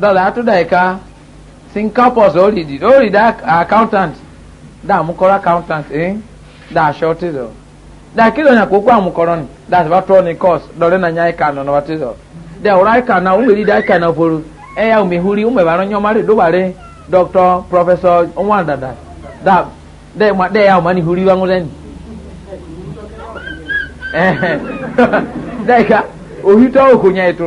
dọ́là àtúndà ẹ̀ka sinkapos oridi oridi accountant dá àmúkọ́rọ́ accountant ẹ̀ dá aṣọ tí dọ̀ dá kí lóyún àkókò àmúkọ́rọ́ ni dá àti bá tọ́ ni course dọ́lẹ́ náà nyá ẹ̀ka nọ̀nà wá tí dọ̀ dẹ̀ ọ̀rọ̀ ẹ̀ka náà ọmọ èrìdà ẹ̀ka náà foro ẹ̀yà omi huri ọmọ ìbára ọ̀nyọ́ mari dóbàrẹ́ doctor professor ọ̀nwá dàdà dá dẹ̀ ẹ̀yà ọmọ ni huri wá ń lẹ́nu dẹ̀ ẹ̀ka òhìtọ́ òkò nyá ètò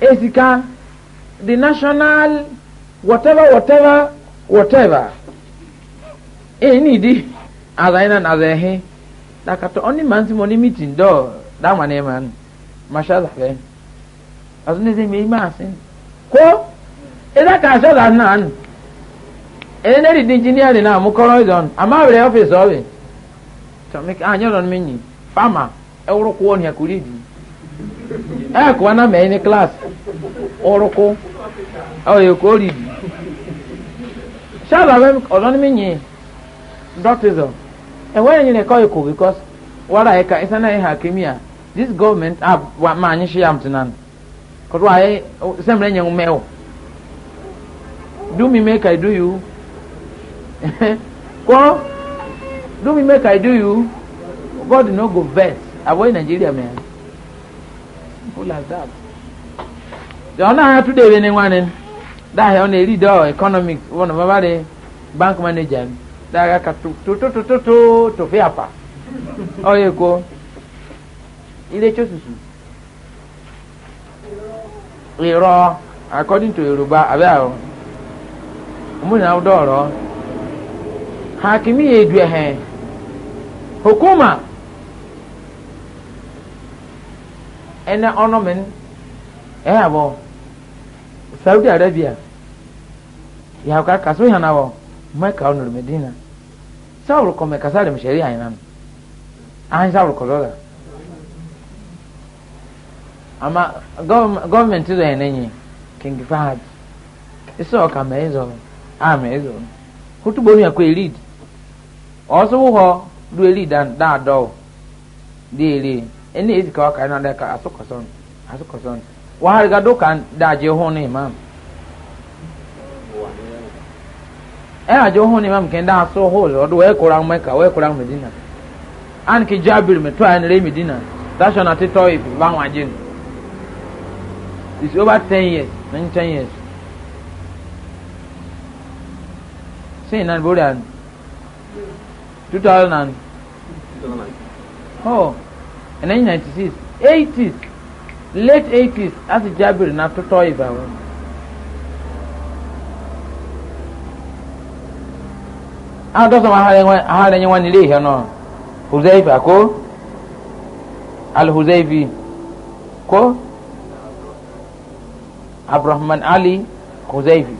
esika the national whatever whatever whatever eni di azaina na azehe dakato oni mansi moni meeting do dama ne man masha zafe azune ze mei masin ko ida ka so da nan ene ri di engineer na mu koro don ama we office obi to make anyo don mini farmer ewro ko oni di. ayakuba namaye ne class oruku oyo koribi shala bɛ ɔlɔni mi nyi doctorism ɛwɔ e yɛ nyina ɛkɔ ɛkɔ because wara ɛka ɛsan ayɛ ha kemia this government a wa maa nyi hyia mutena no e, kɔdu ayɛ sɛmrɛ nyɛ ŋmɛw do me make i do you kɔ do me make i do you god no go vex avoid nigeria man. Simple as that. The one I have today, when anyone that on a leader economics, one of our eh, bank manager, that I to to to to to to to fiapa. Oh, you go. Ile chosusu. Iro, according to Yoruba, abia. Umuna Hukuma ɛna ɔnɔmin ɛyɛ e abɔ saudi arabia yàwó kaso yàn abɔ mɛka medina sáwòrò kɔ mɛka sáwòrò mɛsɛri àyinan àyin sáwòrò kɔ ama gɔvmɛnti zɔ yɛn king fahad esi ɔka mɛyi zɔ a mɛyi zɔ kutubu onu yɛ elid ɔsowó hɔ do elid dan de ene ezi ka waka na daka asukoson asukoson wa har ga ho ne imam e a ho ne da so ho lo do e kura meka medina an jabir me to medina that's on at to if ba it's over 10 years 9 years say nan Two 2000 and oh 1996, 80s late 80s as jabir na totɔ ibà wọn. àwọn tó sọmọ ahara ẹni wọn nílé ìhẹ náà huzaifi àkó alhuzaifi kó abdulrahman ali huzaifi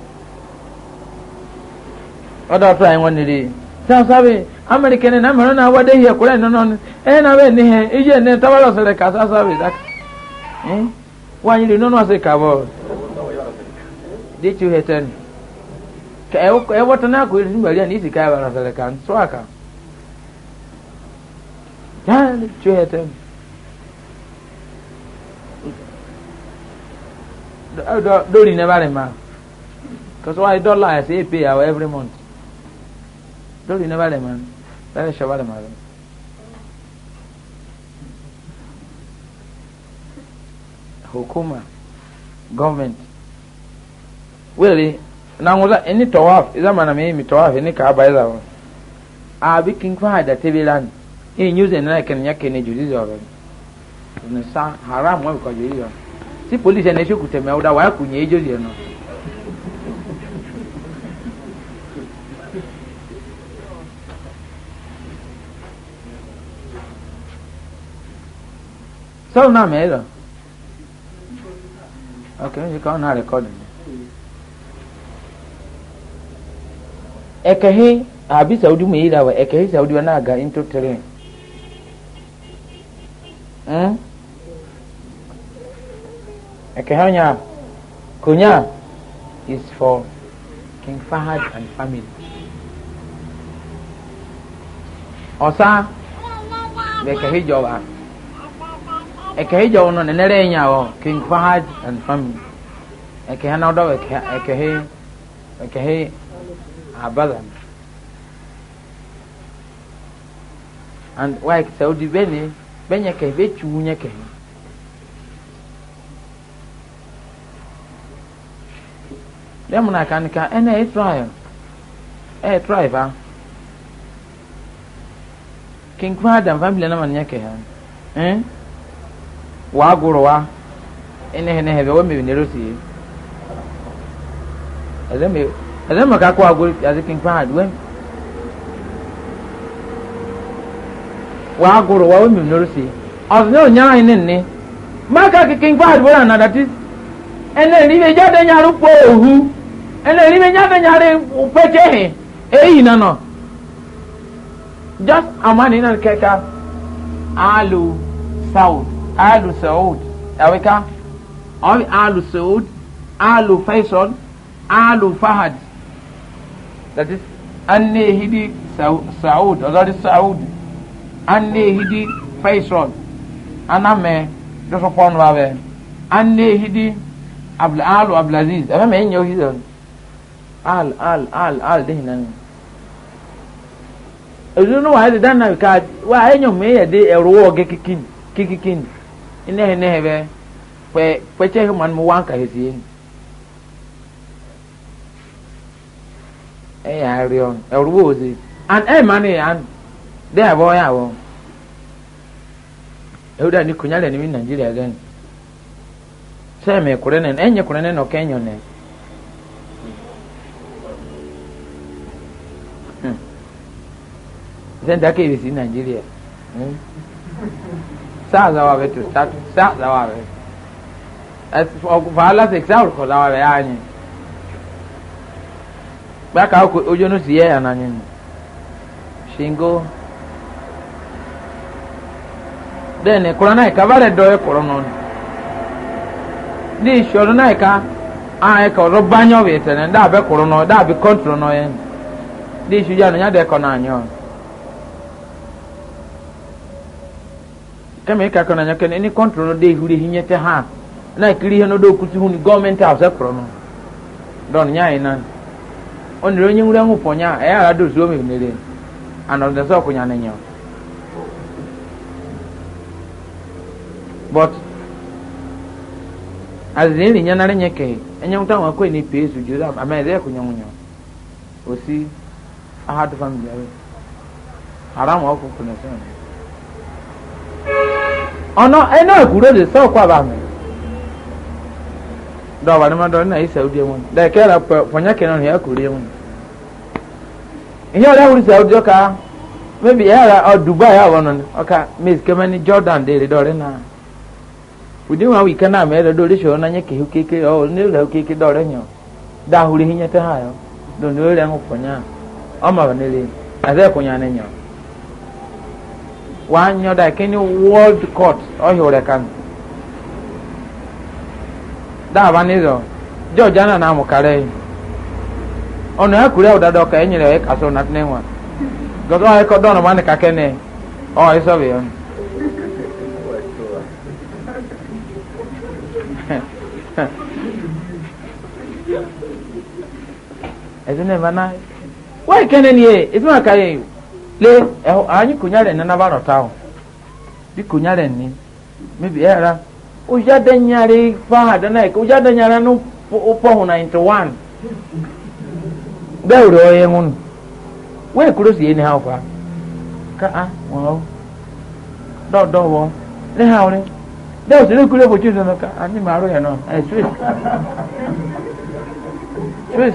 ọdọ tó ẹni wọn nílé ìhẹ sasabe amerikene na mero na wade hiye kure nono ni e na be ni he ije ne tabalo sere ka sasabe dak eh hmm? wa yiri nono ase ka bo dichu heten ka e ko e wata na ko yiri mbali ani sika ba sere kan so aka ya dichu heten do do do ni ne bare ma cause why dollar is pay every month lórí iná balẹ̀ mọ́ lálẹ́ ṣọ́ balẹ̀ mọ́ hukuma government wele nangola eni tawaf iza mana mi mi tawaf eni ka ba iza abi king fa da tebilan e news en na ken yake ne juzi zo ro haram wa ko juzi zo si police ne shoku teme oda wa ku nye jozi no sọ́ọ̀ náà mẹ́rin lọ. ok n ṣe kàn náà rẹ́kọ́dì saudi mu yìí dà saudi wọn náà ga into train. ẹ̀kẹ́hìn hmm? ọ̀nyà kònyà is for king fahad and family. ọ̀sá ẹ̀kẹ́hìn jọba. ekehe jawo no na nere nyawo king fahad and family ekehe na odo ekehe and why saudi bene benye ke be chunya ke na e e, ah. and family na wa agụrụ wa enehe nehe mebi nero si ɛdɛ mɛ kakɔ agori azikin paa wɛm wa yi maka na nadati ɛnɛ ri bɛ jáde nyari kpɔ ohu ɛnɛ ri bɛ jáde nyari pɛtɛ eyi nanɔ just amani south. alu saud ẹ̀wíká ọ̀n alu saud alu faisal alu fahad that is annehidi saud ọ̀dọ́dí saud annehidi faisal anamẹ dọ́sọ̀pọ̀nù abẹ annehidi alu abdulaziz ẹ̀fẹ̀ mẹ́yìn yẹn ohi al al al al dehin nani èdè nínú wàhálà dáná wàhálà ẹ̀yàn mẹ́yẹ̀ dé ẹ̀rọ wọ̀ gẹ́ kíkín kíkín. nehe nehe bɛ kpɛ kpɛkyɛ he man mu wan ka and ɛyɛ man yɛ de abɔ yɛ awɔ ewura ni kunya ni nigeria lɛ sɛ mɛ kure nɛ ɛnyɛ kure nɛ nɛ. sɛ ndakɛ yɛ nigeria. Hmm. saa zawa be to start saa zawa be as faala se exam ko zawa be shingo then kora na ka bare do e ni shoro na ka a e ka ro banyo be tene da be koro no ni shuja no de ko na tẹ́mi ìka kan nànyẹ́ kẹ́ni ẹni kọ́ntìrì náà dé ìhúri ìhí nyẹ́tẹ́ hàn náà kiri ihe n'odo okusi hu ni gọọmenti a ọsẹ kọrọ no dọn nya yi nan onire onye nwere ahụ pọnya ẹyà ara do zuo mmiri nere anọdụ sọ ọkụnya na nyaw but azịza eri nya narị nye ke enye nwụta nwa kwe n'ipe ezu jụrụ ama eze ekụnya nwụnya osi aha dụfa mmiri ara ma ọkụ kụ na ọ̀nà ẹnà ẹ̀kúrò lè sọ ọkọ àbàmì dọ̀wà ni mọ́tò ní àyíṣà òdi ẹ̀wọ̀n dẹ̀ kẹ́ra pọ̀nyẹ́kẹ́ náà yẹ kúrò ẹ̀wọ̀n ìyá ọ̀rẹ́ wúri sà òdi ọkà mẹ́bi ẹ̀yà rà ọ̀ dubai àwọn nọ ni ọkà mẹ́s kẹ́mẹ́ ni jordan dèrè dọ̀rẹ́ náà òdi wọn wì kẹ́nà àmì ẹ̀rọ dórí ṣòro náà yẹ kéhu kéke ọ̀ onílẹ̀ kéke dọ̀rẹ́ yàn dáhùrẹ́ yín yẹ tẹ́ wan yɔ da kini world court ɔyɔ rɛ kan daaba ni zɔ jɔ jana na mu kare yi ɔnu ekuri awo dada ɔka enyi rɛ kaso na tene wa gɔdɔ ayɛ kɔ dɔn ɔmani kakɛ nɛ ɔyɛ sɔbi yɛ ɛdini mana wɔyi kɛnɛ ni ye ɛdini ma ka ye le ɛhɔ eh, anyi konyare nana ba nɔta o bi konyare ni mebi ɛyara eh, oya de nyare faha dana yi oya de nyare ah, no pɔhu eh, ninety one bɛɛ wuli ɔyɛ ŋun wɛɛ kuro si yɛ ni ha fa ka a wɔn dɔw dɔw wɔ ne ha wɔn dɛw sɛ ne kuro bɔ tsi sɔn ka a maa ro yɛ nɔ ɛ swiss swiss.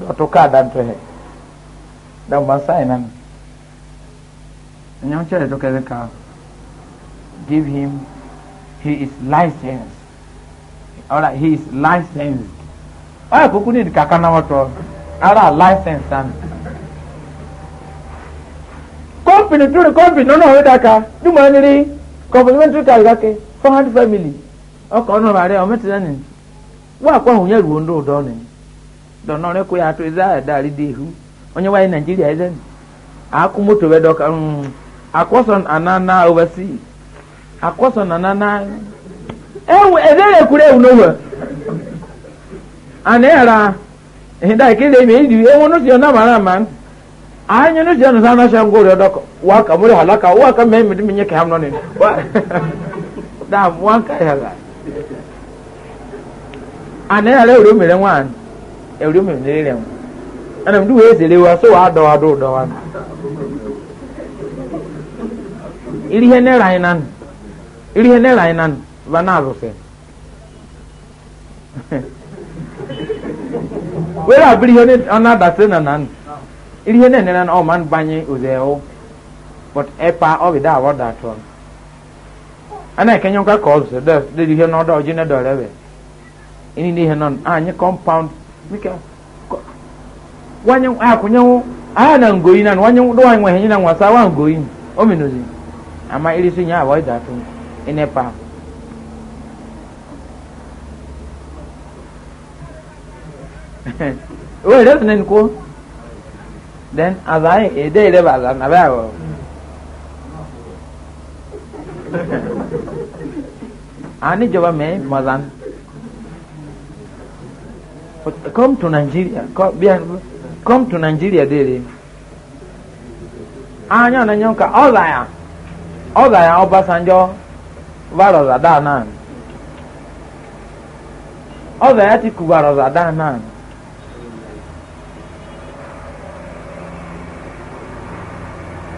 dɔtɔ kaa dantɔ hɛ dagba sign na ɛnyɛ kyerɛ dɔkɛ de ka give him he is licensed ɔra he is licensed ɔyɛ koko ne kaka na wɔtɔ ara license san company turu company nɔnɔ wo daka dumu aniri complimentary card kake four hundred family ɔkɔ ɔnɔ ba de ɔmɛ ti sɛ ni wo akɔ ahun yɛ ruwo ndo dɔ dɔnɔ ne ko yaatu eza adaari dehu onye nwanyị nigeria ɛzɛ ni aku moto bɛ dɔka na akɔsɔn anana oversea na na ewu ɛzɛ yɛ ewu n'owɛ ana yɛra ɛhinda ekele mi edi ewu no tiɛ nama na man anyi no san na hyɛn halaka nye kɛham nɔ ne wa dam wanka yɛra ana ẹ̀rí omi ìdílé rẹ̀ wọn ẹnna mi dúró èsèlè wa so wàá dọ̀wà dọ̀wà dọ̀wà nù. iri ihe nera anyị nanụ iri ihe nera anyị nanụ ba na-azụsị were abịrị ihe ọ na-adasị na nanụ iri ihe na-enere ọ ma banye ụzọ ewu but epa ọ bụ daa ọ datụ a na-ekenye nkwa ka ọ zụsị dị ihe n'ọdọ ọjị na dọrọ ebe ịnị n'ihe nọ anyị compound mika wanye akunye ah, wo aya ah, na ngoyi na wanye do wanye henyi na wasa wa ngoyi nya avoid that in nepal wee then as i ede ede ba za me mazan come to Nigeria. Come, come to Nigeria daily. Anya na nyoka ọza ya ọza ya Obasanjo varọza daa nan. Ọza ya Atiku varọza daa nan.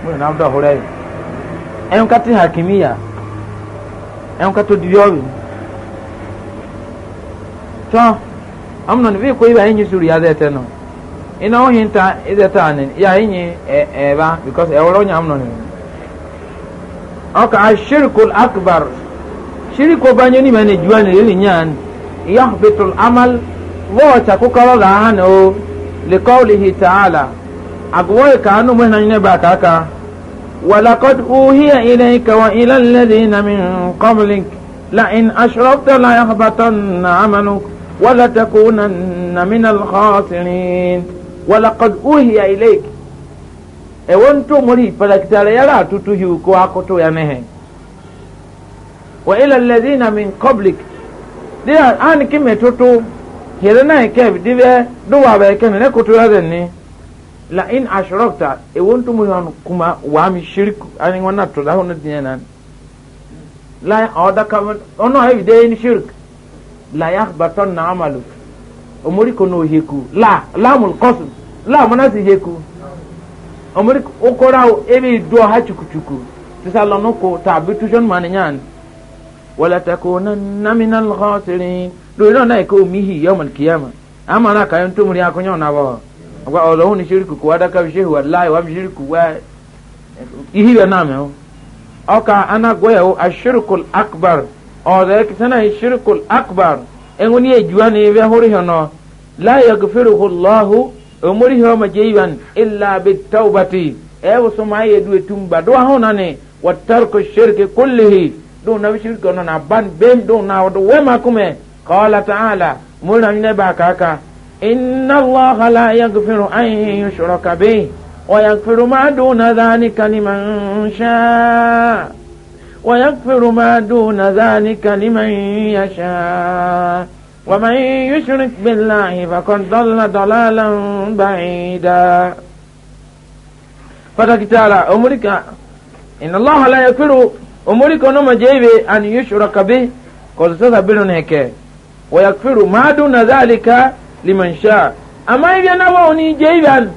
Mwere na abụda hụrụ ya. Enyoka ti hakimiya. Enyoka to dibi ọrụ. Chọọ amnon vi ko iba yin suri ya zete no ina o hinta izeta anin ya yin e eba because e woro nya amnon aka ashirkul akbar shiriko banyo ni mane juani lili nyan yahbitul amal wo ta ko kala la han li qawlihi ta'ala agwoy ka anu mo na ne ba ka ka ولقد أوهي إليك وإلى الذين من قبلك لئن أشركت ليحبطن عملك ولتكونن من الخاسرين ولقد أوهي إليك ewon to mori farakitare yara tutu hiu ko akoto ya mehe wa ila alladhina min qablik dia an kime tutu hirana ke dibe duwa ba ke ne ko tura den ni la in ashrakta ewon to mori kuma wa mi shirku an ngona to da hono dinan la odaka ono hebi de in shirku la yakhbatan na amalu omori ko no heku la lamul qasr la manasi heku omori o kora o ebe do ha chukuchuku tisalo no ko ta bitujon manenyan wala takunanna min al khasirin do no na ko mihi yawm al qiyamah ama na kayo ntumuri akonyo na bo agwa olohun ni shiriku ko adaka bishehu wallahi wa shiriku wa ihiwe na me o oka ana goya o ashirkul akbar ọ̀rẹ́ kìtánà ìṣirikul akbar ẹ̀hún ní èjúwa ní ibẹ̀ hórí hàn náà láyé gòfèrè hulọ́hu òmùrí hàn ọmọ jẹ́yìwàn ilà abẹ́ tàwùbàtì ẹ̀ wò sọmọ ayé du etum gbà dọ́wọ́ hàn náà ni wàtàrkù ṣirikì kúlìhì dùn náà ṣirikì ọ̀nà náà bá bẹ́ẹ̀ dùn náà wọ́n wọ́n máa kúmẹ̀ kọ́lá tààlà múlò ní bá kàkà iná lọ́ha láyé gòfèrè ayé ṣòro kàbí wọ́n yà má dùn náà dáníkà ní ń ṣáà. ويغفر ما دون ذلك لمن يشاء ومن يشرك بالله فقد ضل ضلالا بعيدا فتك تعالى أمرك إن الله لا يغفر أمرك نما جيبي أن يشرك به قد تتبلون هيك ويغفر ما دون ذلك لمن شاء أما إذا نبوني جيبا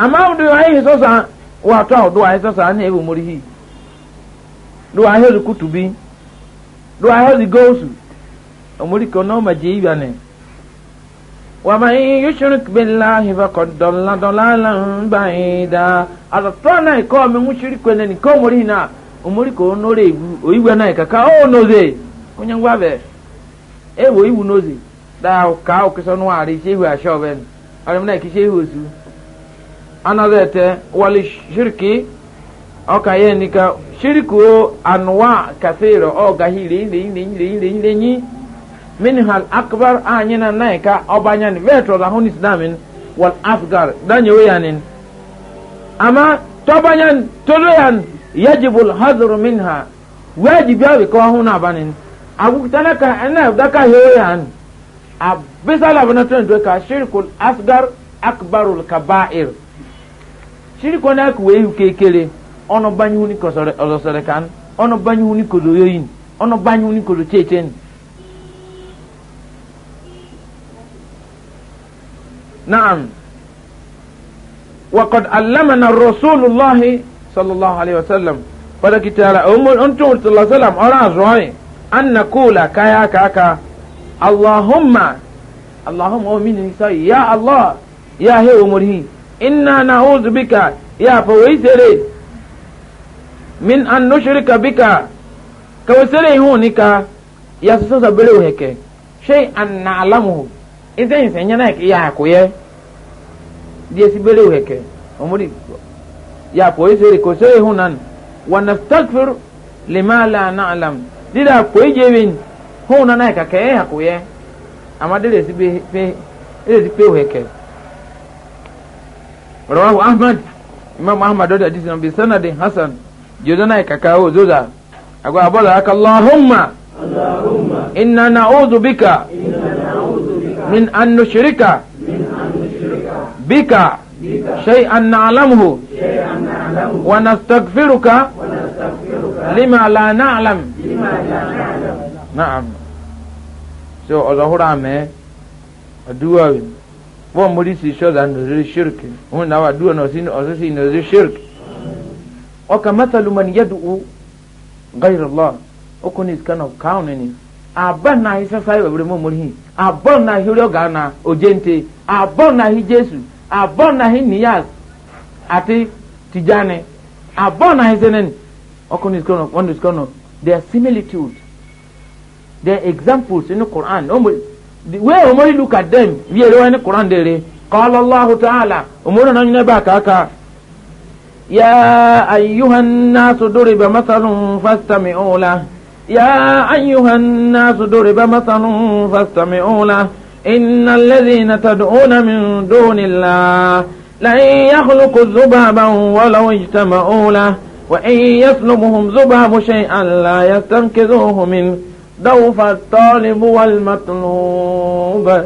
أما أدعي سوسا وأتعود دعي سوسا أنه مريه do ahịa ozikutubi do ahịa ozigosu omuriko n'ọma ji ibia ne wàmàyí yusurik bilahi fakọdọla dọlala nbaida àtọ̀tọ̀ náà ikọ̀ mi asatọ ṣirí kwene nìkan omori náà omuriko onore iwu oyiwe náà kàkà ó noze kúnyẹ ń wábẹ ewo iwu noze dáa ká ka nù àrí ṣé ihu àṣọ ọbẹ ni ọrẹ mi náà kì í ṣe ihu osu anazẹ tẹ wàlẹ ọka ya nika shirku anwa kafiro o gahi lili lili lili nyi minhal akbar anyina naika obanyan vetro la hun islamin wal asgar danye weyanin ama tobanyan toloyan yajibu alhadr ha wajibi abi ko huna banin agukutana ka ana daka heyan abisala bana tun do ka shirkul asgar akbarul kaba'ir shirku na ku wei kekele ono banyu ni ko sore ozo sore kan ono banyu ni ko yoyin ono banyu ni ko chechen na'am wa qad allamana rasulullah sallallahu alaihi wasallam pada kitara umul untum sallallahu alaihi wasallam ora zoi an nakula kaya kaka allahumma allahumma o oh, min ya allah ya he umurhi inna na'udhu bika ya fawaisere min an nushrika bika ka wasere hu nika ya so sa bere we ke shay an na'lamu idan yin sanya na ya ko ye die si bere we ke omuri ya ko isere ko sey hu nan wa nastaghfir lima la na'lam dida ko je win hu na na ka ke ya ko ye ama dere si be pe dere si pe we ke rawahu ahmad imam ahmad da hadisi nabi sanadin hasan jodona e kaka o zoza agwa abola aka allahumma allahumma inna na'udhu bika inna na'udhu bika min an nushrika min an nushrika bika شيئا نعلمه ونستغفرك لما لا نعلم نعم so ọzọhụrụ amee aduwa wọ́n mú rí sí ṣọ́dá nọ̀zírí ṣírkì òun náà wà dúwọ́ nọ̀sí nọ̀zírí ṣírkì ọkà mẹ́tàlú mẹ́ni yẹ́dùú gáyìrì lọ́ọ̀ ọkọ ní ìsìkà náà káwọn nìyí àbá náà yìí sẹ́sẹ́ ayọ̀ wẹ̀rẹ̀ mọ́ mọ́rí yìí àbọ̀ náà yìí rẹ́ọ̀gà náà òjèǹte àbọ̀ náà yìí jésù àbọ̀ náà yìí níyàs àti tìjáni àbọ̀ náà yìí sẹ́nẹ́ni ọkọ ní ìsìkà náà wọ́n ní ìsìkà náà their similitude their examples in the quran the way look at them bí èrè wọn ní quran dèrè kọ́ ọ́ lọ́láhu يا أيها الناس ضرب مثل فاستمعوا له يا أيها الناس ضرب مثل فاستمعوا له إن الذين تدعون من دون الله لن يخلقوا ذبابا ولو اجتمعوا له وإن يسلبهم ذباب شيئا لا يستنقذوه منه دوف الطالب والمطلوب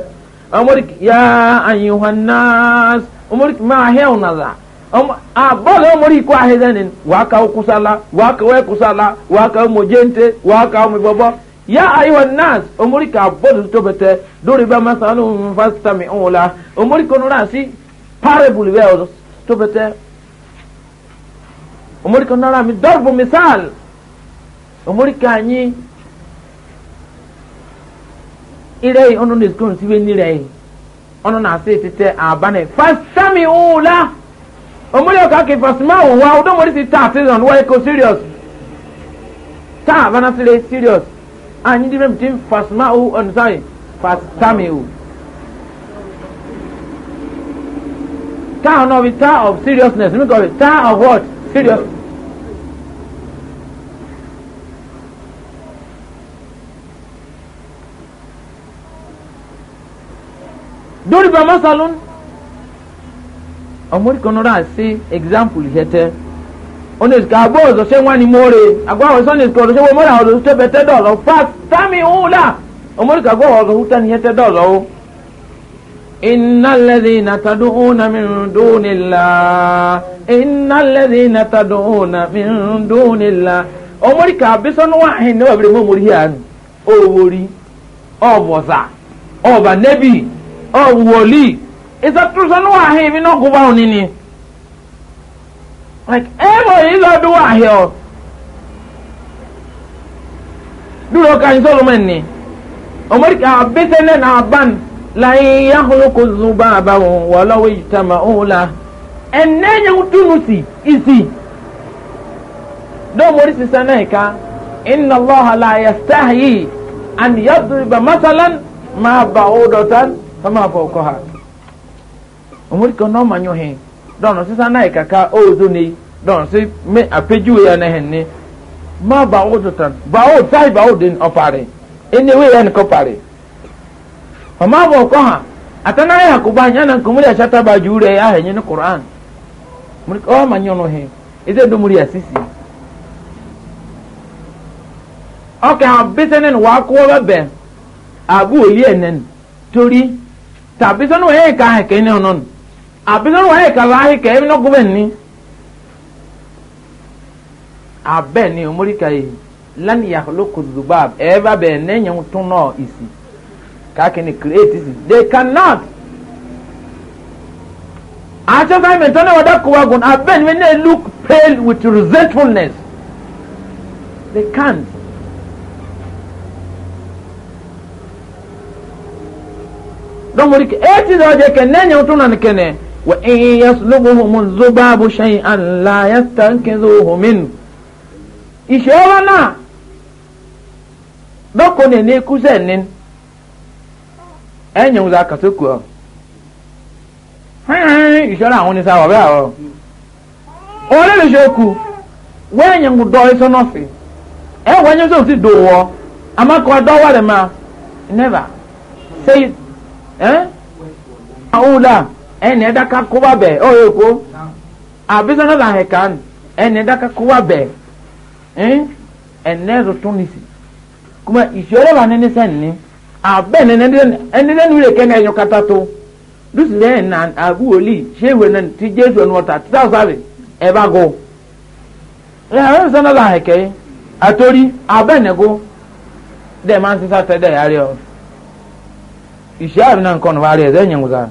أمرك يا أيها الناس أمرك ما هي ونظر a bọ́ọ̀lù ọmọ rí ikú ahẹ́sẹ́ni wàá ka okusala wàá ka wẹ́kusala e wàá ka omojente wàá ka omibọ́bọ́ yá ayiwa nas omori ka bọ́ọ̀lù tó bẹ̀tẹ̀ lórí bẹ́ẹ̀ masalu nfasitami ọ̀la omori kọ́nu náà sí parable bẹ́ẹ̀ tó bẹ̀tẹ̀ omori kọ́nu náà mi dọ́rùbù misal omori ka nyi ire yi ọ̀nà ní sukùn síbi nírẹ̀ yìí ọ̀nà náà sí títẹ̀ àbánẹ̀ fasitami omori ọka ke fasima wo wa ọdọ mori si taa season wọ eko serious taa abanasire serious anyi ah, di mẹbi ti fasima o. Oh, ọnusai fasitami wo oh. taa ọ̀nà bi taa of seriousness mi kọ bi taa of what serious. dori bamasalun ọmọdékan náà ṣe example yẹtẹ onesika agbó ọ̀sọ̀ ṣé wọ́n ni mọ́re agbó àwọn sọ́ni ìsìkò ọ̀sọ̀ ṣé wọ́n mọ́ra ọ̀sọ̀ ṣé bẹ́tẹ́ dọ̀ọ̀lọ́ fat tami hula ọmọdékan agbó ọ̀sọ̀ húta ni yẹtẹ dọ̀ọ̀lọ́ o. iná lẹ́dí nàtàdó ònà mi ń dóni la iná lẹ́dí nàtàdó ònà mi ń dóni la ọmọdékan abisọ́nù wà hìn ní wàbẹ̀rẹ̀ mọ́ mọ́rí yàrá òwòrí ọ̀bọ̀sà ọ̀bà nẹ́bì ọ̀wọ̀lì ìsọtúnṣe ní wàá hẹ ibi náà gúbà òní ni like ẹ mọ èyí lọ dún wàá hẹ ọ dúró ká ní solomon ni ọmọdéka abẹ́sẹ̀ náà náà ban láyé yahulukú zuba àbáwọn wọlọ́wọ́ ìjìtàmà òhùlà ẹnẹ́ yẹn túnú sí ìsì dọ́mọdé sísan náà ká iná lọ́hà láyé sáàyè àníyàdùrìbà masalan máa bá òdòtán fọmọ àfọwọ́kọ́ ha omori kan n'ọma nyo hin dɔnno sisan n'a ye kaka ozo ne dɔnno si mi apeju ya ne hin ne ma ba o to tan ba o tai ba o den ɔpare ene we ya ne ko pare ɔma bɔ kɔ ha atana ya ko ba nya na nkomori a shata ba juu re ya hin ne koran omori kan ɔma nyo no hin ese do muri sisi ɔkè ha bisene ni wa kó bɛ bɛn agu oli enen tori tàbí sɔnni wòye ká hẹkẹ ní ọ̀nà nù abinan wani kalahi ka ebi nɔgɔ bɛ ni abɛ ni omori ka yi lani yaholo kuzubab ɛba bɛ ne nyɛ tun nɔ isi kake ni create isi they cannot ahyɛ simon tɔn ne wɔda kowa gun abɛ ni ne look pale with resentfulness they can't. dɔnku eti dɔ de kɛ ne nyɛ tun na ni kɛnɛ. وإن يسلبهم الذباب شيئا لا يستنكذوه منه ìṣòro náà lọ́kùnrin ní ikú sẹ́ni ẹ̀yìn òun zakàtúkù ọ̀ ìṣòro àwọn oníṣà wà bẹ́ẹ̀ ọ̀ olóòṣèkù wẹ́ẹ̀yìn òun dọ́ iṣẹ́ náà sí ẹ̀ wọ́n yẹn sọ̀rọ̀ sí dòwọ́ amákọ̀ ọ̀dọ́ wà lẹ́ẹ̀ máa ɛni ɛda kuba bɛ ɔyɛ e ko abisa na lahe ɛni ɛda kuba bɛ ɛn ɛnɛ zɔtɔn kuma ìṣòro wa na enye ni ni ɛni lẹ́nu rẹ̀ kẹ́ni ẹ̀yọ kata to lusi lẹ́yìn na na ti jésù ɛnu ɔta tita sáré ɛba e go ɛ e, abisa na lahe atori abẹ́ go dẹ́ máa ń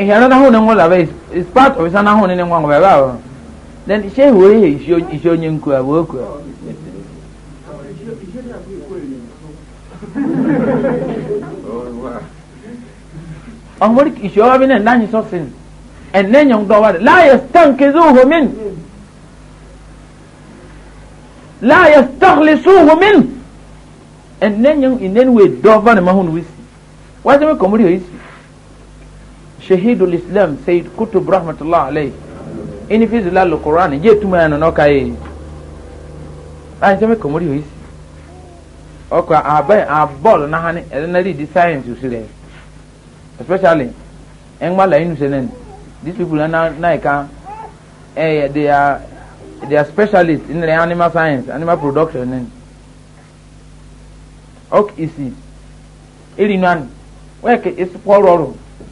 ìhẹ̀rọ náà hùn ní ńwọ̀n làbẹ́ is part of ìsá náà hùn ní ńwọ̀n ọ̀bẹ̀ bá wọn then ṣé ìwé yìí iṣẹ́ onye nkú àbò okú. ọ̀hún ìṣe ọba bí náà láyìn sọ́sìn ẹ̀nẹ́ yẹn ń gbọ́ wá rẹ̀ láyé stan kezi ohomin láyé stakhlisu ohomin ẹ̀nẹ́ yẹn ìnẹ́nuwé dọ́ọ̀bá ni mahun wísì wájú mi kọ̀ mú rí o yìí sí shahidul islam sayyid kutub rahmatullah alayhi ini fi zilal alquran je tuma yana no kai an jame ko muri hoisi o ko abai a ball na hani e na read science usire especially en mala inu senen these people na na ka eh they are they are specialists in the animal science animal production nen ok isi iri nan weke isi poro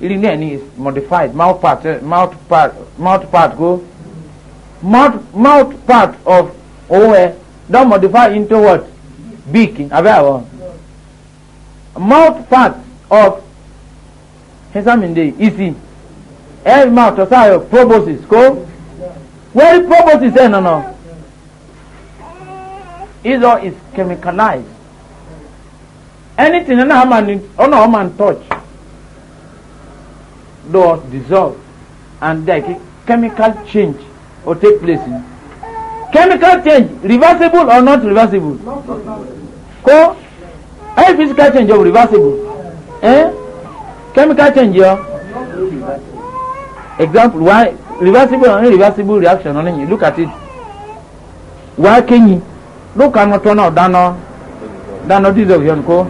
iri náà ni is modified mouth part eh, mouth part mouth part go mouth mouth part of òun ẹ e, don modify into what beak abẹ́ àwọ̀ mouth part of hesaminde isi ẹ mouth ọ̀sán ayọ̀ proboscis kó wẹ́rí proboscis ẹ̀ nànà is all is chemicalized anything ẹ̀ náà ọ̀nà ọ̀ma n touch does dissolve and like chemical change or take place in chemical change reversible or not reversible ko any physical change of reversible eh chemical change yọ example why reversible or irreversible reaction only? look at it wàá kéyìn ló kà mọ́tò náà dáná dáná dissolve yẹn ko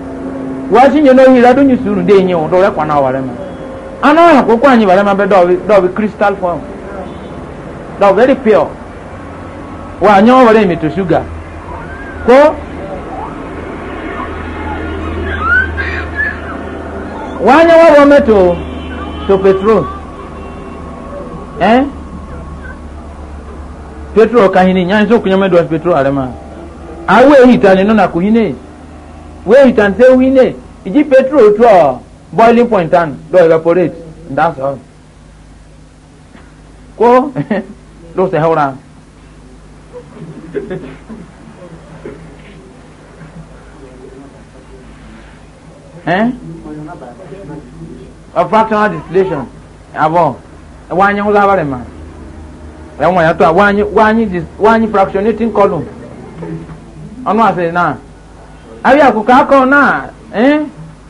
wàá sì yẹn lọ́yìn ìrẹ́dùn yìí sùúrù dé yẹn òun tó rẹ́ kwana wà rẹ́ mi anaghị akwụkwọ anyị bara mabe dọbi kristal fọm dọbi very pure wa anyị ọ were shuga ko wa anyị ọ to petrol eh petrol kahini nyanyi so kunyama dọbi petrol arema awo ehi tani nọ na kuhine wo ehi tani se hine iji petrol tụọ. boiling point and don evaporate that's all ko lo se haura eh a fractional distillation abo wanye ngula bare ma ya mo ya to wanye wanye wanye fractionating column ọnụ asịrị na abịa akụkọ akọ na eh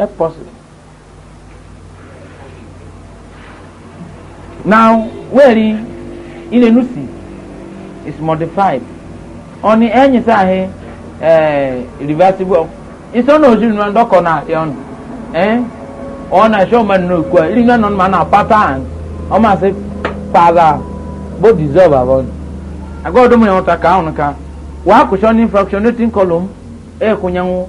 e Na were irenu si is modified oni enyi sahi eh reversible iso na ojiri na ndọkọ eh ọ na show man no kwa iri na non man na pattern o ma se father bo deserve abon agodo mu yon ta ka on ka wa ku shoni fractionating column e kunyanwo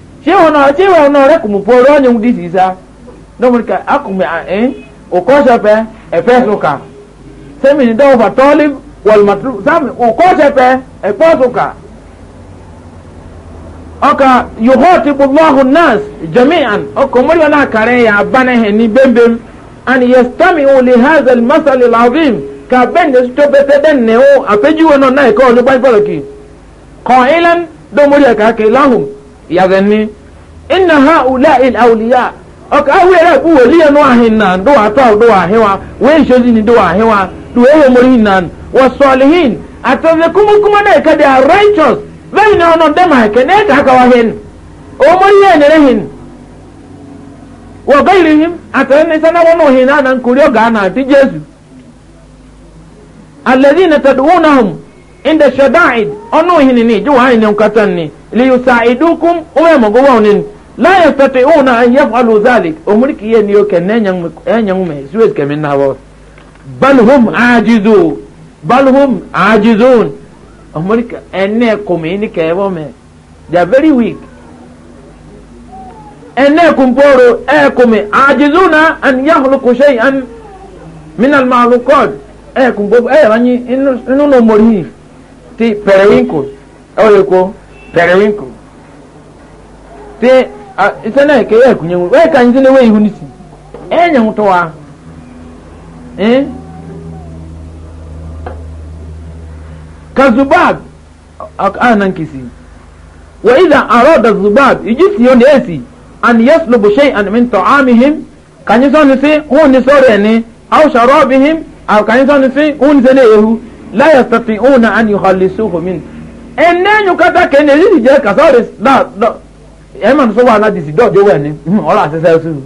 shehu na chewa na ore kumu poro onye ngudi sisa no mun ka akume eh o ko so pe e fe so ka semi ni do fa tolib wal matlu sam ka oka yuhatibu allah nas jami'an o ko mori na kare ya bana he ni bembem an yastami'u li hadha al masal ka bende to bete den ne o apeju no na e ko ni ba boloki qailan yàtọ̀ ní iná ha ọ̀là ilẹ̀ àwòlíyà ọkọ̀ awé rẹ̀ kú wòlí ẹnu àhìn náà dó àtọ́ dó àhìn wa wọ́n èso sì ní dó àhìn wa dó èyí omori náà wọ́n sọ̀lì hìn àtọ̀sẹ̀ náà ẹ̀ka dẹ̀ righteous bẹ́ẹ̀ ni ọ̀nà dẹ́mà ẹ̀kẹ́ ní ẹ̀ka kọ́ wa hìn omori yẹn nìrẹ́ hìn wọ́n bẹ́ẹ̀ rí hìn ní sanáwó náà hìn náà nà nkúrí ọ̀gá náà ti jésù alẹ́ inda shada'id onu hini ni juwa hini mkatan ni li yusaidukum uwe mgowa unin la yastati'una an yaf'alu dhalik umuliki ye niyo kenne nyang e me suwez kemin na wa bal hum ajizu bal hum ajizun umuliki enne kumini kewo me they are very weak enne kumporo e kumi ajizuna an yahluku shay'an min al-ma'lukat e kumbo e banyi inu no mori ti periwinkle oyeko periwinkle ti ise na eke ya e ekunye nwe ka nzi na-enwe ihu n'isi enye nwụtụwa e? kazubab ana nkisi wa idha arada zubab ijisi yo nesi an yaslubu shay'an min ta'amihim kanyi sọ ni si hun ni sọ rẹ ni aw sharabihim ka kanyi sọ ni si hun ni sẹ ne yehu láyà tàbí òun náà àni ìhọ̀lẹ̀ sóhùnmí ẹnẹ́ yín kátà kẹ́ni èyí jẹ́ kàtọ́rì náà ẹ̀ máa ń sọ́wọ́ aládìsí dọ́ọ̀jọ́ wẹ̀ ni ọ̀rọ̀ àṣẹṣẹ́ sí i.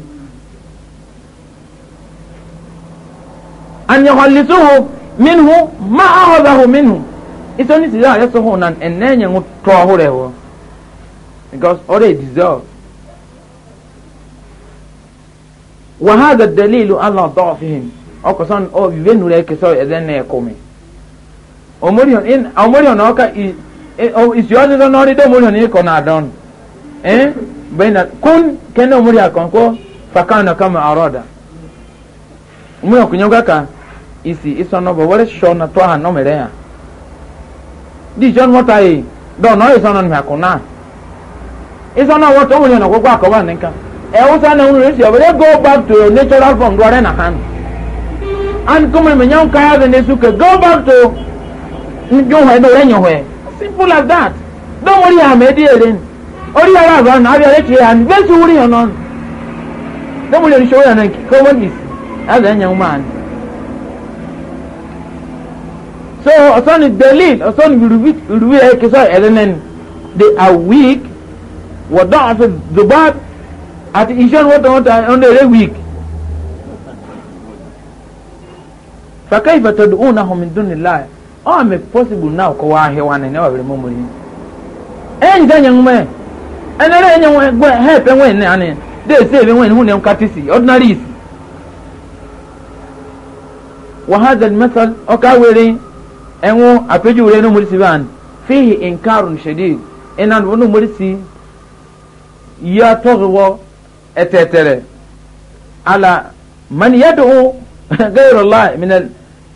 àni ìhọ̀lẹ̀ sóhùn mínú má àhọ̀dà hù mínú ìṣó ní sísá àyẹ̀sọ́ hù náà ẹnẹ́ yín tọ́ ọ̀hún rẹ̀ wọ̀ because ọ̀rẹ́ ìdìzọ́ wàhálà dalilu aláǹtọ́ ọ̀fìn ọkọ̀ sọ́ni ọ̀ omorion in omorion oka e, is is yours no no do omorion ni e, kona don eh bena kun kenda omori akon ko fakana kama arada umwe kunyoga ka isi isono bo wale shona to ha no merea di john motai e, do no isono ni akona isono wo to omorion ko gwa ko ba nka e usa na unu resi obere go back to natural form do arena han and come me nyam kaya de nesuke go back to njohwe do renyohwe simple as that don worry am edi eren ori ara ara na abi areke ya ni besu wuri yonon don worry ori shoya na common is as enya woman so osan delil osan rubi rubi e ke so erenen they are weak wọdọ afi zubab àti iṣan wọdọ wọn ta ọdọ eré weak fakaifa tọdún ọhún ahọmọdún níláyà ọ mị posibụl na ọkọwa ahịwa na ịnẹwa were mụ mụrụ ya enyi ga nye nwe enere enye nwe gwe ha epe nwe nne anị de esi ebe nwe hụ na nkata isi ọdịnarị isi wahadal masal ọka were enwu apeju were n'ụmụrụ si ban fihi inkarun shadid ina nụ ụmụrụ si ya tọzụwọ etetere ala man yad'u غير الله من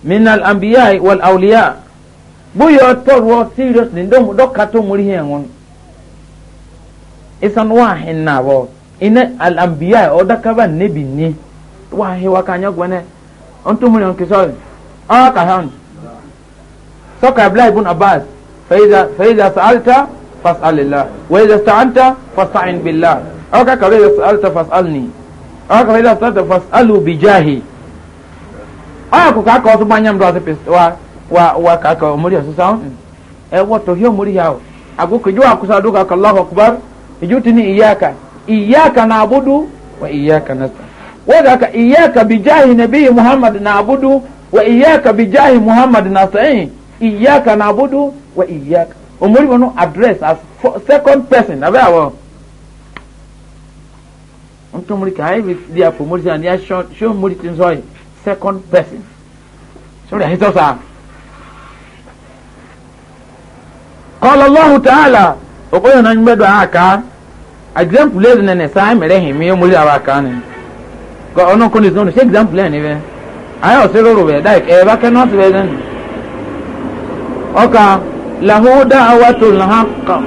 من الأنبياء والأولياء بويا تروا سيريس ندوم دكاتو مريهن هون إسان واحد نابو إن الأنبياء أو دكابا نبي ني واحد وكان يقوانا أنتم من ينكسر آه كهان سوك أبلا ابن عباس فإذا فإذا سألت فاسأل الله وإذا استعنت فاستعن بالله أو كذا إذا سألت فاسألني أو كذا إذا سألت فاسألوا بجاهي aya ko kaka ọtọ gbanyam do ọtọ pist wa wa wa kaka ọmọdé ọsọsọ ahọ ẹ wọtọ hi ọmọdé yà ọ agogo ìjọ àkóso àdókò àkọ allah akubar ìjọ ti ní ìyáka ìyáka na abudu wa ìyáka na sa wọ́n dàka ìyáka bijahi nabi muhammad na abudu wa ìyáka bijahi muhammad na sẹ́yìn ka na abudu wa ìyáka ọmọdé wọn no address as for second person abẹ́ àwọn ntọ́mọdé kàá ẹ̀ bi di àpò mọ́tò sí àná yà sọ́ọ́ mọ́tò tí ń second person sórí àhítọ́ sáà kọ́lọ́ lọ́hùn tààlà ọ̀pọ̀lọpọ̀ náà ń gbẹ́dọ̀ àká example lẹ́yìn nínú sáà mẹ́rẹ́ hìn mí ó mórí àwọn àká ni kọ́ ọ̀nà kọ́ni ìsinmi example lẹ́yìn níbẹ̀ ayé ọ̀sẹ̀ rọrùn bẹ̀ dáì ẹ̀ bá kẹ́ nọ́ọ̀sì bẹ́ẹ̀ lẹ́nu ọkà làhùn dáhàwá tó làhàn kọ́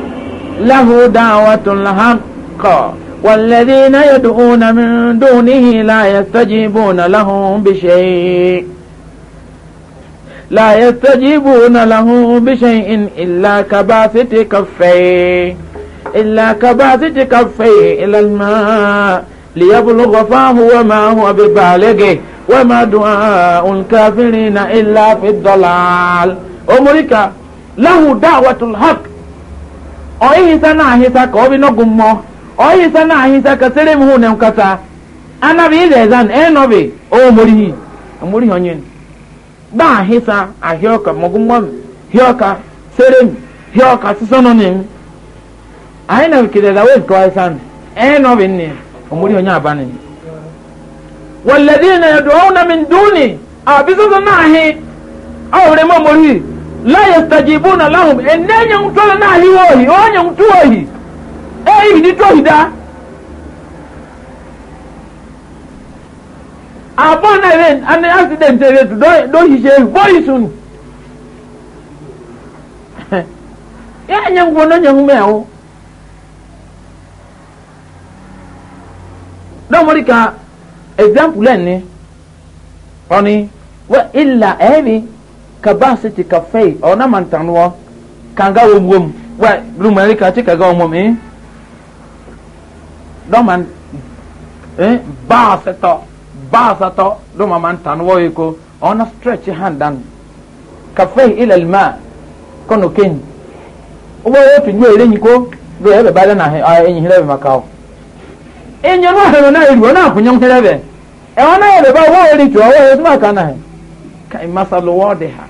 làhùn dáhàwá tó làhàn kọ́. والذين يدعون من دونه لا يستجيبون لهم بشيء لا يستجيبون لهم بشيء إلا كباسط كفيه إلا كباسط كفيه إلى الماء ليبلغ فاه وما هو ببالغه وما دعاء الكافرين إلا في الضلال أمريكا له دعوة الحق أو إيه سنة هي سكوبي oyi na ahisa ka sere mu ne nkata ana bi ile zan e bi o mori hi mori honyen Na ahisa ahioka mogumwa hioka sere mu hioka sisono ne ayi na kide da we ko san e no bi ne omori honya abane والذين يدعون من دوني أبيزو ناهي أو رمو مري لا يستجيبون لهم إن نيان تولى ناهي وهي وهي وهي eyi di to hida abon na ren an accident re to do hise very soon ya nya ngwo no nya ngume o oh. do mori ka example en eh, ni oni wa illa ebi eh, capacity cafe ona mantanwo oh. kanga womwom wa lumari ka chika ga womwom eh dɔman eh baasɛtɔ baasɛtɔ dɔma man tan wɔye ko ɔna stretch hand dan kafɛ ilalima kɔnɔ kenyi wọ́n yóò tún gbé eré yìí kó lóye ẹ̀bẹ̀ bá lẹ́nà ẹ̀yìn hẹ́rẹ́ bẹ̀ máa ká o. ìyẹn náà hẹ̀rọ náà èrò náà kùnyẹ́ hẹ́rẹ́ bẹ̀ ẹ̀wọ̀n náà yẹ̀bẹ̀ bá wọ́n èrè tù ọwọ́ èrè tó máa ká náà ká ìmásàlò wọ́ọ̀ dẹ̀ ha.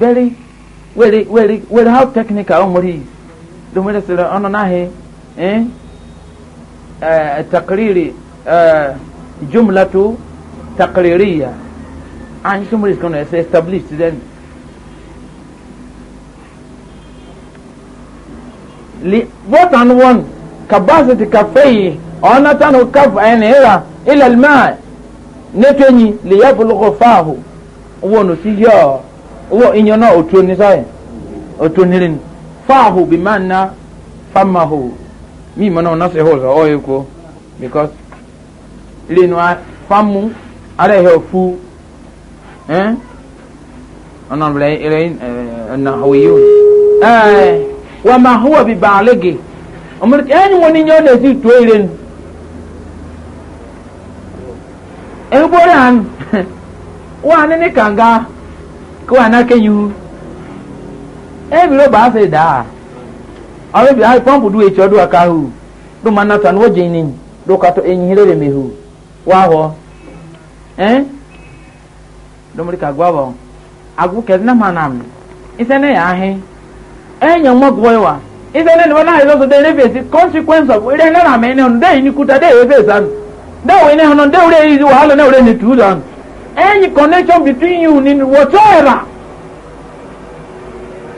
very very very very how technical ọmọ rí i lómi rẹ̀ sọ̀rọ̀ تقريري جملة تقريرية عن somebody is going to establish then what and one capacity كفيه أنتن كف أن إلى إلى الماء نتني ليبلغ فاه wọn si yọ wọ ìyẹn náà òtún ní sáyẹn òtún nírin fáàhù bí máa ń ná fámàhù mi mana ona se hol o eko because le no famu ara he fu eh ana bla ire e e, na hawiyun eh wa ma huwa bi baligi amur yani woni nyo de si to ire ni e, e boran wa ne ne kanga ko anake yu e bi ro ba se da awe bi du pampu duwe aka duwa kahu ma manna tan woje ni do kato en hirere mehu wa ho eh do muri ka na manam isene ya he enye eh, mo gwoywa isene ni wana de ne consequence of na na ne on de ni kuta de de ne de ne eh, connection between you ni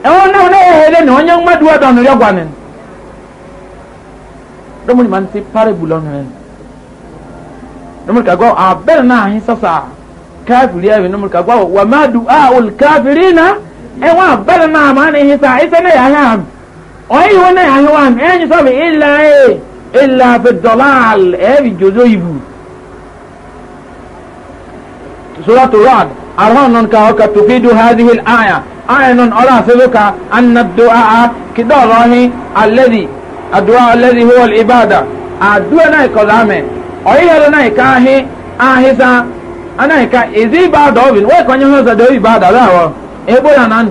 ɛwɔ ne ne yɛhɛlɛ ne ɔnyɛ mmadu ɛdɔ ne yɛ gwanen dɔm ni ma n se pare bulɔ ne dɔm ni ka gɔ abɛn ah, na ahi sasa kafiri ɛwi dɔm ni ka gɔ wa ma du a ol kafiri na ɛwɔ abɛn na ama ne hi sa ɛsɛ ne yɛ ahi am ɔyɛ yi wo ne yɛ ahi wa am ɛyɛ e nyisɔ mi ila ye ila fi dɔlaal ɛyɛ e bi jojo ibu suratul rad arhan nan ka hɔ ka tufidu hadihi aya. ayanun ọ̀rọ̀ àfẹ́lúkà annadu'a kìdá ọ̀rọ̀ ọ̀hín alẹ́dì àdúrà ibada àdúrà náà ìkọ̀dọ̀ àmẹ́ ọ̀yíyàrá náà ìka ahín ahísá náà ibada ọ̀bìn wọ́n ìkọ̀nyẹ́ hàn sọ̀dọ̀ ibada láwọ̀ ebo ya nan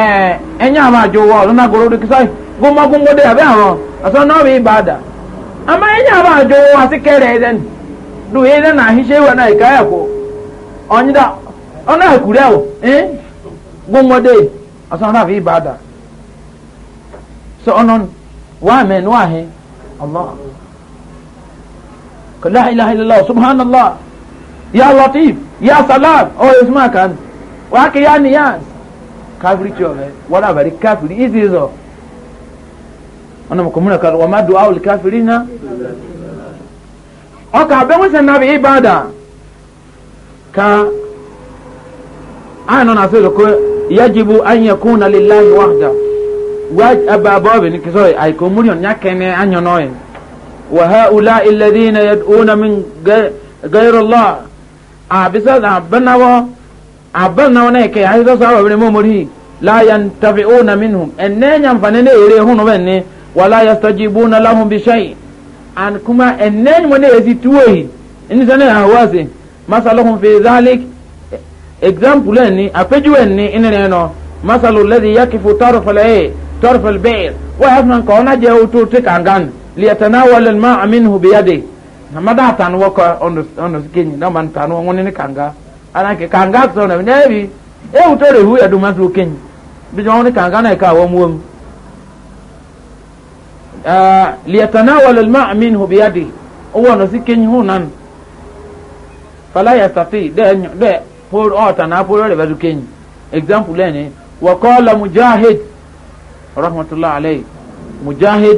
ẹ̀ẹ́ ẹ̀yẹ́ àwọn àjò wọ̀ ọ̀rọ̀ náà gòrò kìsọ́ gómọ́góngó dé àbẹ́ ibada ama eh, na ọ̀nà ẹ̀kúrẹ́ ọ̀ ẹ́n gbọ́mọdé ọ̀sán náà fi ibà dà sọ ọ̀nà wàá mẹ́nu àhẹ́ allah la ilaha illallah subhanallah ya latif ya salam oh isma kan wa ke ya ni ya kafiri cho be wala bari kafiri izi zo ona mkumuna kal wa ma du'a al kafirina o ka be won se na bi ibada ka aya nɔ na se lo ko yajibu an yakuna lillahi wahda waj ababa be ni kiso ay ko muri on yakene anyo no en wa haula alladhina yad'una min ghayri allah abisa da banawo abanawo ne ke ay so sawo be muri la yantabi'una minhum enenya mfane ere hunu benne wala yastajibuna lahum bi shay an kuma enen mo ne ezituwe ni sana hawase masalahum fi dhalik example ni àpéjúwe ni ìnìyẹn nọ masalu lẹ́dí yakifu tọrọfẹlẹ ẹ tọrọfẹlẹ bẹ́ẹ̀ wọ́n yà fún kọ́ ọ́nà jẹ́ otu ti kàngán liẹtẹ̀nà wọlé ma aminu biyade namada atanu wọkọ ọ̀nà sikenyi nàmà ntanu wọn ní kànga anake kànga sọ̀rọ̀ ẹ̀mí ẹ̀bi ewu tó rehu ẹ̀dùnmá tó kenyi bíjọ́ wọn ní kànga náà ẹ̀ka wọ́n wọ́n mu liẹtẹ̀nà wọlé ma aminu biyade owó ọ̀nà sikenyi hùn nánu fàlàyé sàtì dẹ́ẹ̀ por ọta na por rẹ bẹtu kẹyìn example ẹni wakọọla mujahid rahmatulah alayhi mujahid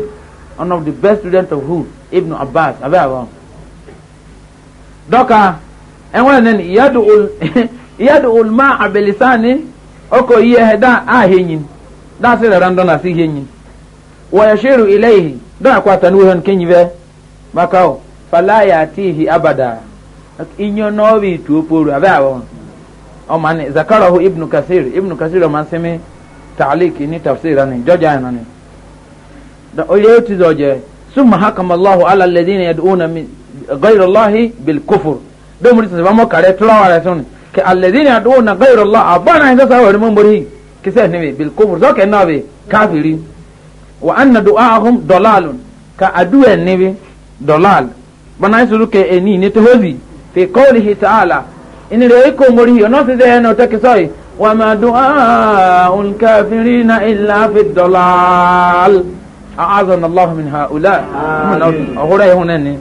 one of the best students of who ibn abbas abẹ àwọn. dọka ẹwọn ẹni ìyàdù ol ìyàdù olùmọ abẹlẹsàní ọkọ yìí ẹhẹ dá àhẹyìn dá sí rẹ randọ náà sí hẹyìn wọ́n ṣẹ́rù ilẹ̀yìn dọ́ àkọ́ àtàlù hàn kẹ́yìn bẹ́ẹ̀ bákàó faláyà àti abada. abàdà ìyẹn náà bí ìtú opó rẹ̀ abẹ́ àwọn ọmọ ni zakarahu ibnu kasir ibnu kasir ọmọ sẹmi taalik ni tafsir ni jọjà yẹn ni da oye o ti zọjẹ summa hakama allahu ala ladina yad'una min ghayra allahi bil kufur do muri sɛ bamo kare tulawa re sun ke alladina yad'una ghayra allah abana inda sa wari mun buri ke sɛ ne bil kufur zo ke nabe kafiri wa anna du'ahum dalalun ka aduwa ne bi dalal bana su ke eni ne to fi qawlihi ta'ala inire iko mori ono sise eno teki soyi wa ma du'a ul kafirina illa fi dalal a'azana Allah min haula amin ahura ye hunani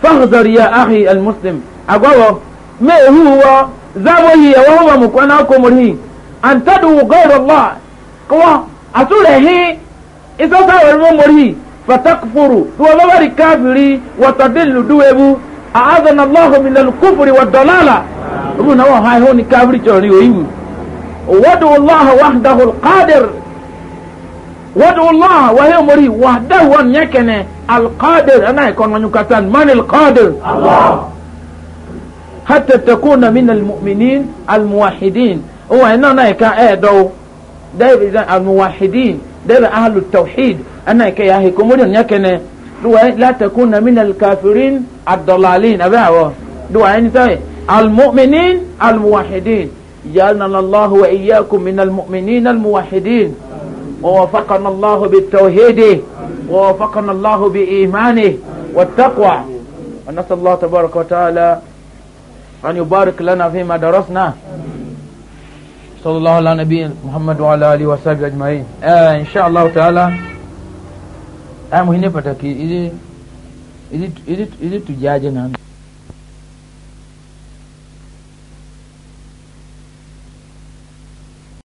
fahdhar ya akhi al muslim agwawo me huwa zawo yi wa huwa mukwana ko mori an tadu ghayra Allah kwa asure hi isa sawo mori fatakfuru wa mabari kafiri wa tadillu duwebu أعاذنا الله من الكفر والضلالة ربنا هو هاي هون كافر جوني ويم ودعوا الله وحده القادر ودعوا الله وهي مري وحده أن يكن القادر أنا يكون من يكتان من القادر الله حتى تكون من المؤمنين الموحدين هو هنا أنا يكا أدو دايب الموحدين دايب أهل التوحيد أنا يكا يهي كمودين يكن دعاء لا تكون من الكافرين الضلالين أبعوا دعاء نتاي المؤمنين الموحدين جعلنا الله وإياكم من المؤمنين الموحدين ووفقنا الله بالتوحيد ووفقنا الله بإيمانه والتقوى ونسأل الله تبارك وتعالى أن يبارك لنا فيما درسنا صلى الله على نبينا محمد وعلى آله وصحبه أجمعين آه إن شاء الله تعالى àmọ́ ilé pàtàkì ilé ilé ilé tùjá ajé náà.